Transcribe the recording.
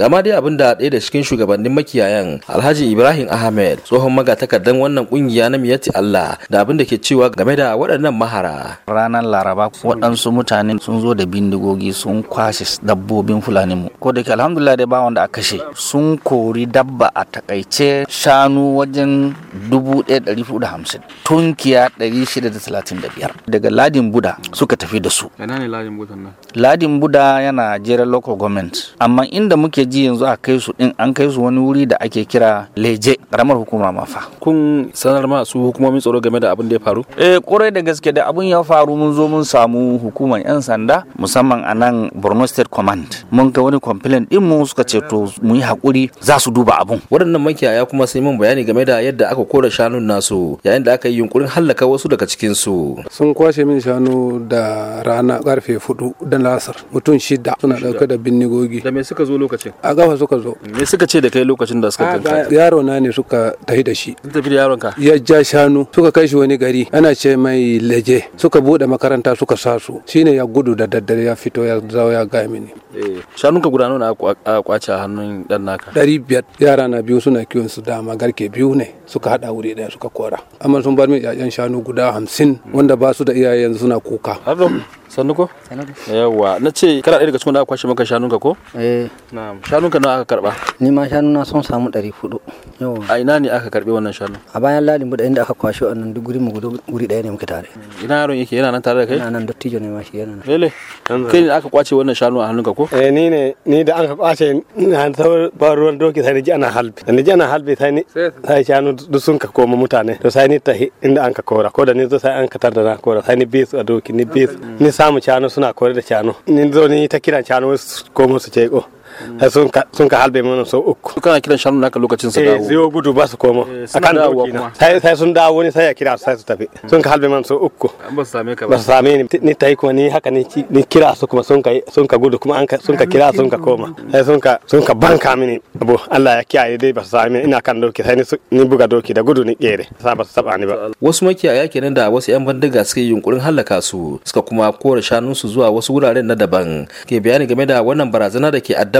gama dai abin da ɗaya da cikin shugabannin makiyayan alhaji ibrahim ahmed tsohon magatakardan wannan kungiya na miyati allah da abin da ke cewa game da waɗannan mahara ranar laraba waɗansu mutane sun zo da bindigogi sun kwashe dabbobin fulani mu ko da ke alhamdulillah dai ba wanda aka kashe sun kori dabba a takaice shanu wajen 1450 tunkiya 635 daga ladin buda suka tafi da su ladin buda yana jeren local government amma inda muke ji yanzu a kai su din an kai su wani wuri da ake kira leje karamar hukuma mafa kun sanar ma su hukumomin tsaro game da abin da ya faru eh kurai da gaske da abin ya faru mun zo mun samu hukumar yan sanda musamman a nan Borno State Command mun ga wani complaint din mu suka ce to mu yi hakuri za su duba abun waɗannan makiyaya kuma sai mun bayani game da yadda aka kora shanun nasu yayin da aka yi yunkurin hallaka wasu daga cikin su sun kwashe min shanu da rana karfe 4 da lasar mutum shida suna dauke da binnigogi da me suka zo lokacin a gawa suka zo me suka ce da kai lokacin da suka ganka yaro na ne suka tafi da shi tafi da yaron ka ya ja shanu suka kai shi wani gari ana ce mai leje suka bude makaranta suka sa su shine ya gudu da daddare ya fito ya zawo ya ga mini eh, shanu ka guda nuna a kwace hannun dan naka dari biyar yara na biyu suna kiwon su dama garke biyu ne suka hada wuri daya suka kora amma sun bar min yayan shanu guda hamsin wanda ba su da iyayen suna kuka sannu ko yawa na ce kana ɗaya daga cikin da aka kwashe maka shanunka ko eh na'am shanunka nawa aka karba ni ma na son samu 400 yawa a ina ne aka karbe wannan shanu a bayan ladin buɗa inda aka kwashe wannan duk guri mu guri ɗaya ne muke tare mm. ina yaron yake yana nan tare da kai yana nan dattijo ne ma shi yana nan lele kai ne aka kwace wannan shanu a hannunka ko eh ni ne ni da aka kwace na ba ruwan doki sai ni ji ana halbi da ni ji ana halbi sai ni sai shanu duk sun ka koma mutane to sai ni tahi inda an ka kora ko da ni zo sai an ka tarda na kora sai ni bisu a doki ni bisu ni samu cano suna kore da cano ni zo ni ta kiran cano wasu komo su ce sun ka halbe mana sau uku kana kiran shanu naka lokacin sa eh, dawo zai gudu ba su koma eh, kan doki na sai sun dawo ne sai ya kira sai su tafi sun ka halbe mana sau uku ba su same ka ba su same ni ni tai kuma ni haka ni ni kira su kuma sun ka sun ka gudu kuma an ka sun ka kira sun ka koma sai sun ka sun ka banka mini abu Allah ya kiyaye dai ba su same ina kan doki sai ni buga doki da gudu ni kere sa ba su saba ni ba wasu makiyaya kenan da wasu yan bandiga suke yunkurin halaka su suka kuma kore su zuwa wasu wuraren na daban ke bayani game da wannan barazana da ke addaba